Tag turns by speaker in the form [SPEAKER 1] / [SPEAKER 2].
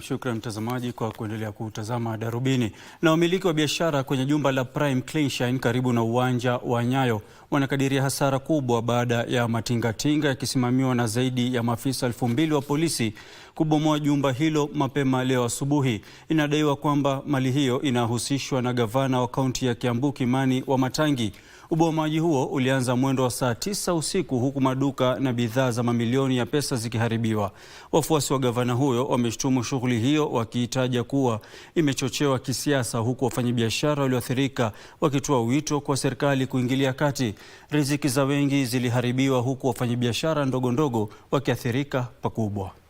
[SPEAKER 1] Shukran mtazamaji kwa kuendelea kutazama Darubini. Na wamiliki wa biashara kwenye jumba la Prime Cleanshine karibu na uwanja wa Nyayo wanakadiria hasara kubwa baada ya matingatinga yakisimamiwa na zaidi ya maafisa elfu mbili wa polisi kubomoa jumba hilo mapema leo asubuhi. Inadaiwa kwamba mali hiyo inahusishwa na gavana wa kaunti ya Kiambu Kimani matangi Ubomoaji huo ulianza mwendo wa saa tisa usiku huku maduka na bidhaa za mamilioni ya pesa zikiharibiwa. Wafuasi wa gavana huyo wameshtumu shughuli hiyo wakiitaja kuwa imechochewa kisiasa, huku wafanyabiashara walioathirika wakitoa wito kwa serikali kuingilia kati. Riziki za wengi ziliharibiwa huku wafanyabiashara ndogo ndogo wakiathirika pakubwa.